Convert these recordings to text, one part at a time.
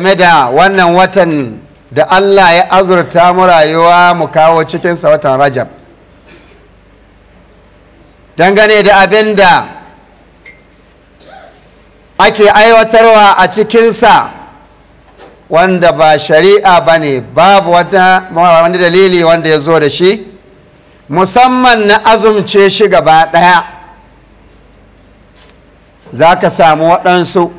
game da wannan watan da Allah ya azurta mu rayuwa mu kawo cikinsa watan Rajab dangane da abin da ake aiwatarwa a cikinsa wanda ba shari'a ba ne babu wani dalili wanda ya zo da shi musamman na azumce shi gaba ɗaya za samu waɗansu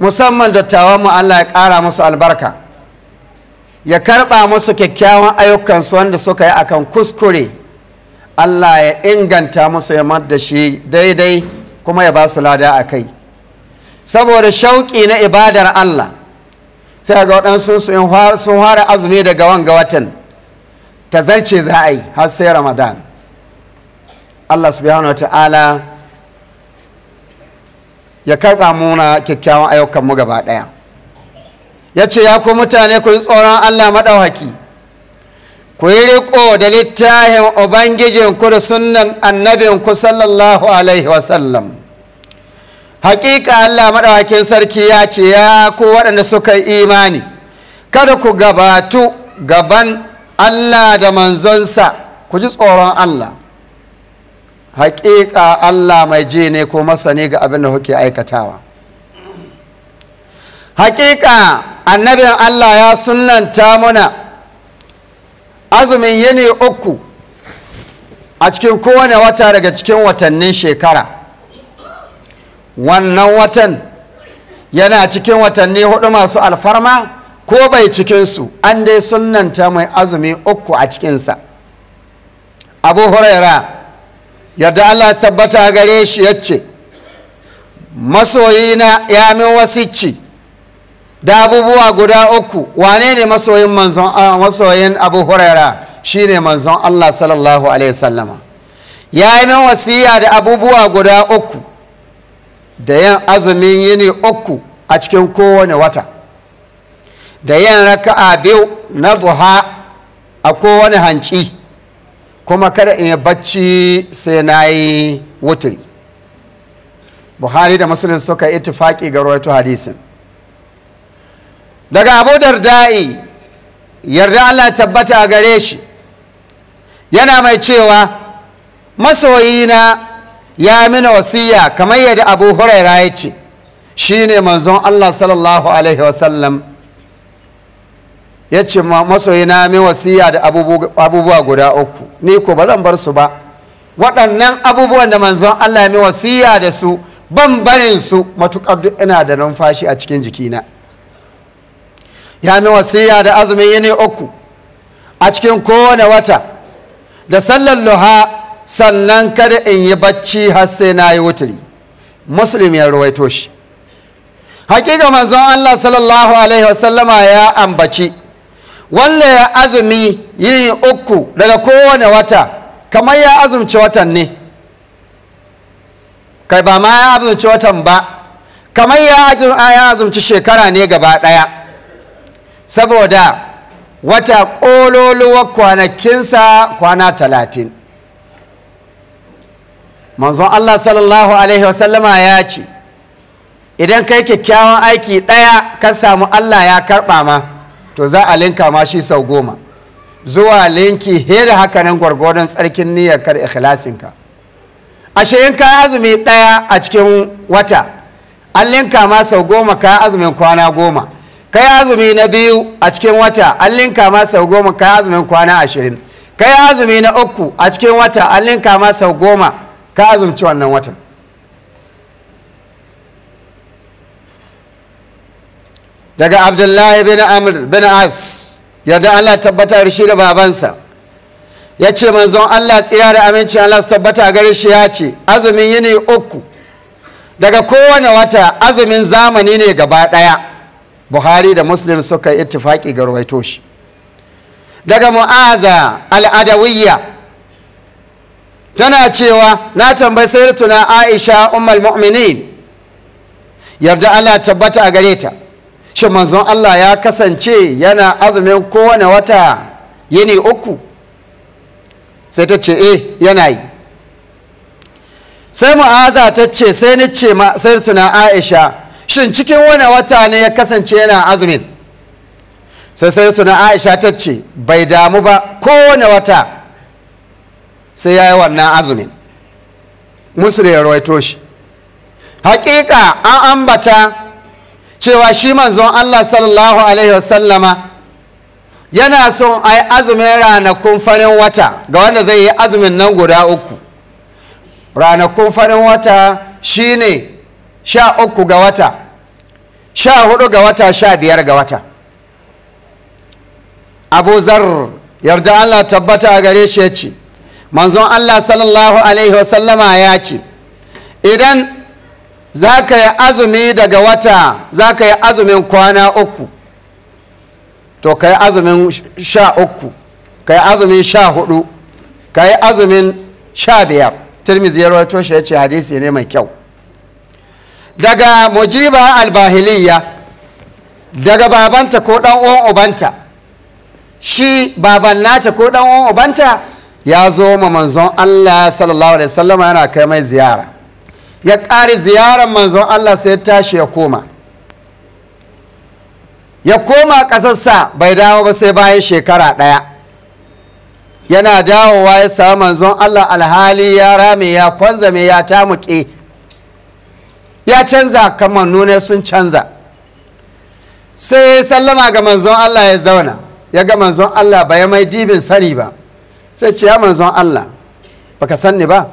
musamman dattawan mu Allah ya ƙara musu albarka ya karɓa musu kyakkyawan ayyukansu wanda suka yi akan kuskure Allah ya inganta musu ya da shi daidai kuma ya ba su lada a kai saboda shauƙi na ibadar Allah sai ga waɗansu sun fara azumi daga wanga watan ta zarce za a yi har sai ramadan Allah subhanahu wa ta'ala ya karɓa muna kyakkyawan ayyukanmu gaba ɗaya ya ce ya ku mutane ku yi tsoron allah maɗauhaki ku yi riƙo da littafin ubangijinku da sunan annabinku sallallahu alaihi wasallam haƙiƙa allah maɗauhakin sarki ya ce ya ku waɗanda suka yi imani kada ku gabatu gaban allah da manzonsa ku ji tsoron allah haƙiƙa Allah mai ji ne ko masani ga abin da kuke aikatawa haƙiƙa annabin Allah ya sunanta muna azumin yini uku a cikin kowane wata daga cikin watannin shekara wannan watan yana cikin watanni hudu masu alfarma ko bai cikinsu an dai sunanta mai azumi uku a cikinsa abu huraira yadda Allah tabbata gare shi ya ce masoyina ya min wasicci da abubuwa guda uku wane ne masoyin manzon masoyin abu huraira shine manzon Allah sallallahu alaihi sallama ya yi min wasiya da abubuwa guda uku da yan azumin yini uku a cikin kowane wata da yin raka'a biyu na duha a kowane hanci kuma kada in yi bacci sai na yi wuturi buhari da musulun suka yi ittifaki ga rawaito hadisin daga abu da'i, yarda allah tabbata a gare shi yana mai cewa masoyina ya mini wasiya kamar yadda abu huraira ya ce shi ne manzon allah sallallahu alaihi wasallam ya ce masoyina mai wasiya da abubuwa guda uku ni ko ba zan bar su ba waɗannan abubuwan da manzon Allah mai wasiya da su ban barin su matuƙar duk ina da numfashi a cikin jikina ya mai wasiya da azumin yini uku a cikin kowane wata da sallar luha sannan kada in yi bacci har sai na yi wuturi Musulmi ya ruwaito shi hakika manzon Allah sallallahu alaihi wasallama ya ambaci wanda ya azumi yin uku daga kowane wata kamar ya azumci watan ne kai ba ma ya azumci watan ba kamar ya azumci shekara ne gaba ɗaya saboda wata ƙololuwa kwanakinsa kwana talatin manzon allah sallallahu alaihi wasallama ya ce idan kai kyakkyawan aiki ɗaya ka samu allah ya karɓa ma to za a linka ma shi sau goma zuwa linki he hakanan haka nan gwargwadon tsarkin niyyar kar ikhlasinka ashe in ka azumi ɗaya a cikin wata an linka ma sau goma ka azumin kwana goma kai azumi na biyu a cikin wata an linka ma sau goma ka azumin kwana ashirin kai azumi na uku a cikin wata an linka ma sau goma ka azumci wannan watan daga abdullahi bin amr bin as yadda allah tabbata shi da babansa ya ce manzon allah tsira da aminci allah su tabbata a gare shi ya ce azumin yini uku daga kowane wata azumin zamani ne gaba ɗaya buhari da muslim suka ittifaki ga ruwaito shi daga mu'aza al'adawiyya tana cewa na tambayi sayar tuna aisha umar mu'minin yarda allah tabbata a gare ta shi manzon Allah ya kasance yana azumin kowane wata yini uku sai ta ce eh yana yi sai mu'aza ta ce sai ni ce sai tuna aisha shin cikin wani wata ne ya kasance yana azumin sai sai tuna aisha ta ce bai damu ba kowane wata sai ya yi wannan azumin musu da ya rawaito shi hakika an ambata cewa shi manzon Allah sallallahu alaihi wasallama yana son a yi azumin ranakun farin wata ga wanda zai yi azumin nan guda uku ranakun farin wata shine sha uku ga wata sha hudu ga wata sha biyar ga wata abu zar yarda Allah tabbata a gare shi ya ce manzon Allah sallallahu alaihi wasallama ya ce idan za ka yi azumi daga wata za ka yi azumin kwana uku to ka yi azumin sha uku ka yi azumin sha hudu ka yi azumin sha biyar Turmi ya toshe ya ce hadisi ne mai kyau daga mujiba albahiliya daga babanta ko dan uwan shi baban nata ko dan uwan ubanta ya zo ma manzon Allah sallallahu alaihi wasallama yana kai mai ziyara ya ƙare ziyarar manzon Allah sai ya tashi ya koma ya koma ƙasarsa bai dawo ba sai bayan shekara ɗaya yana dawowa ya samu manzon Allah alhali ya rame ya kwanzame ya tamuke ya canza kamar nune sun canza sai ya sallama ga manzon Allah ya zauna ya ga manzon Allah ba ya mai dibin sani ba sai ce ya manzon Allah baka sanni ba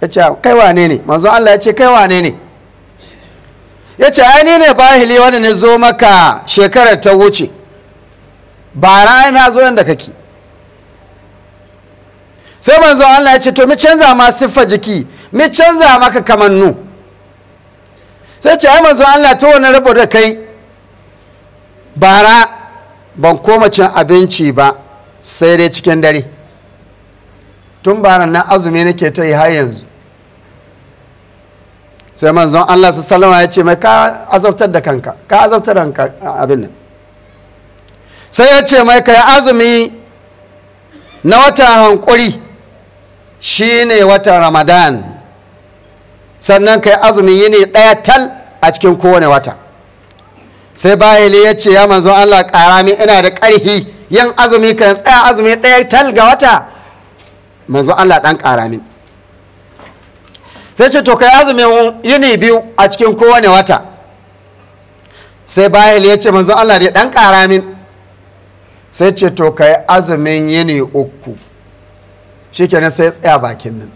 ya ce kai wane ne manzo Allah ya ce kai wane ne ya ce ai ni ne bahili wanda ne zo maka shekarar ta wuce ba na zo yadda kake sai manzo Allah ya ce to mi canza ma siffa jiki mi canza maka kamannu sai ce ai manzo Allah to wani rabu da kai bara ban koma cin abinci ba sai dai cikin dare tun bara na azumi nake ta yi har yanzu sai manzon Allah sallama ya ce mai ka azabtar da kanka ka azabtar da kanka abin nan sai ya ce mai ka azumi na wata hankuri shine watan ramadan sannan ka yi ne ɗaya tal a cikin kowane wata sai bahili ya ce ya manzon Allah karami ina da ƙarfi yin azumi kan tsaya azumi ɗaya tal ga wata manzon Allah ɗan karamin sai ce to kai azumin yini biyu a cikin kowane wata sai bahil ya ce manzon Allah ya dan ƙara min sai ce to kai azumin yini uku shikenan sai tsaya bakin nan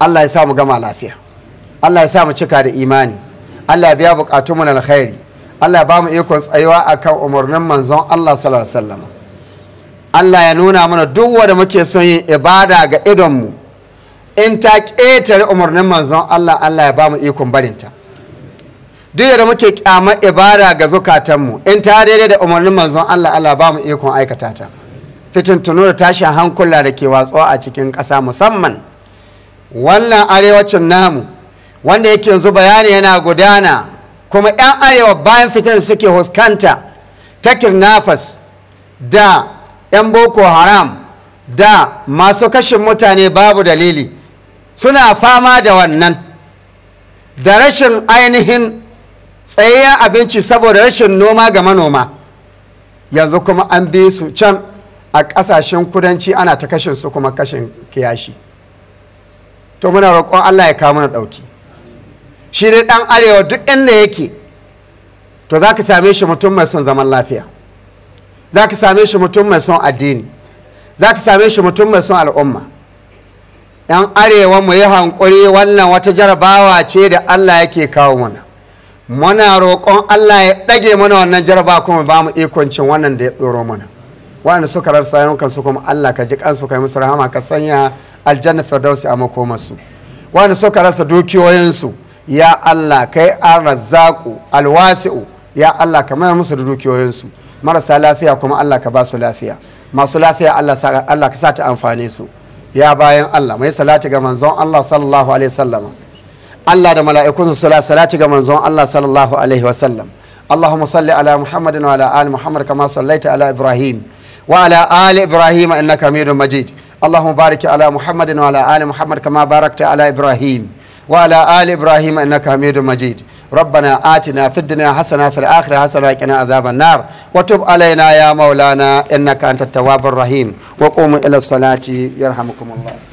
Allah ya sa mu gama lafiya Allah ya sa mu cika da imani Allah ya biya bukatun mu na alkhairi Allah ya ba mu ikon tsayuwa akan umarnin manzon Allah sallallahu alaihi wasallam Allah ya nuna mana duk wanda muke son yin ibada ga idonmu mu in ta ƙetare umarnin manzon Allah Allah ya ba mu ikon barinta duk yadda muke kyamar ibara ga zukatanmu in ta daidai da umarnin manzon Allah Allah ba mu ikon aikata ta fitintunu da tashin hankula da ke watsuwa a cikin ƙasa musamman wannan arewacin namu wanda yake yanzu bayani yana gudana kuma 'yan arewa bayan fitar suke huskanta ta kirnafas da 'yan boko haram da masu kashin mutane babu dalili suna fama da wannan da rashin ainihin tsayayyen abinci saboda rashin noma ga manoma yanzu kuma an bi su can a ƙasashen kudanci ana ta kashin su kuma kashin kiyashi to muna roƙon allah ya kawo mana ɗauki shi dai ɗan arewa duk inda yake to za ka same shi mutum mai son zaman lafiya za ka same shi mutum mai son addini za ka same shi mutum mai son al'umma 'yan arewa mu yi hankuri wannan wata jarabawa ce da allah yake kawo mana muna roƙon allah ya ɗage mana wannan jaraba kuma ba mu ikon cin wannan da ya ɗoro mana waɗanda suka rarsa yankan kansu kuma allah ka ji kansu kai musu rahama ka sanya aljanna firdausi a makomarsu waɗanda suka rasa dukiyoyinsu ya allah kai arzaku alwasi'u ya allah ka mayar musu da dukiyoyinsu marasa lafiya kuma allah ka ba su lafiya masu lafiya allah ka sa ta amfane su ya bayan Allah mai salati ga manzon Allah sallallahu alaihi wasallam Allah da mala'ikunsa sala salati ga manzon Allah sallallahu alaihi wasallam Allahumma salli ala Muhammad wa ala ali Muhammad kama sallaita ala Ibrahim wa ala ali Ibrahim innaka Hamidum Majid Allahumma barik ala Muhammad wa ala ali Muhammad kama barakta ala Ibrahim wa ala ali Ibrahim innaka Hamidum Majid ربنا آتنا في الدنيا حسنة في الآخرة حسنة وقنا عذاب النار وتب علينا يا مولانا إنك أنت التواب الرحيم وقوموا إلى الصلاة يرحمكم الله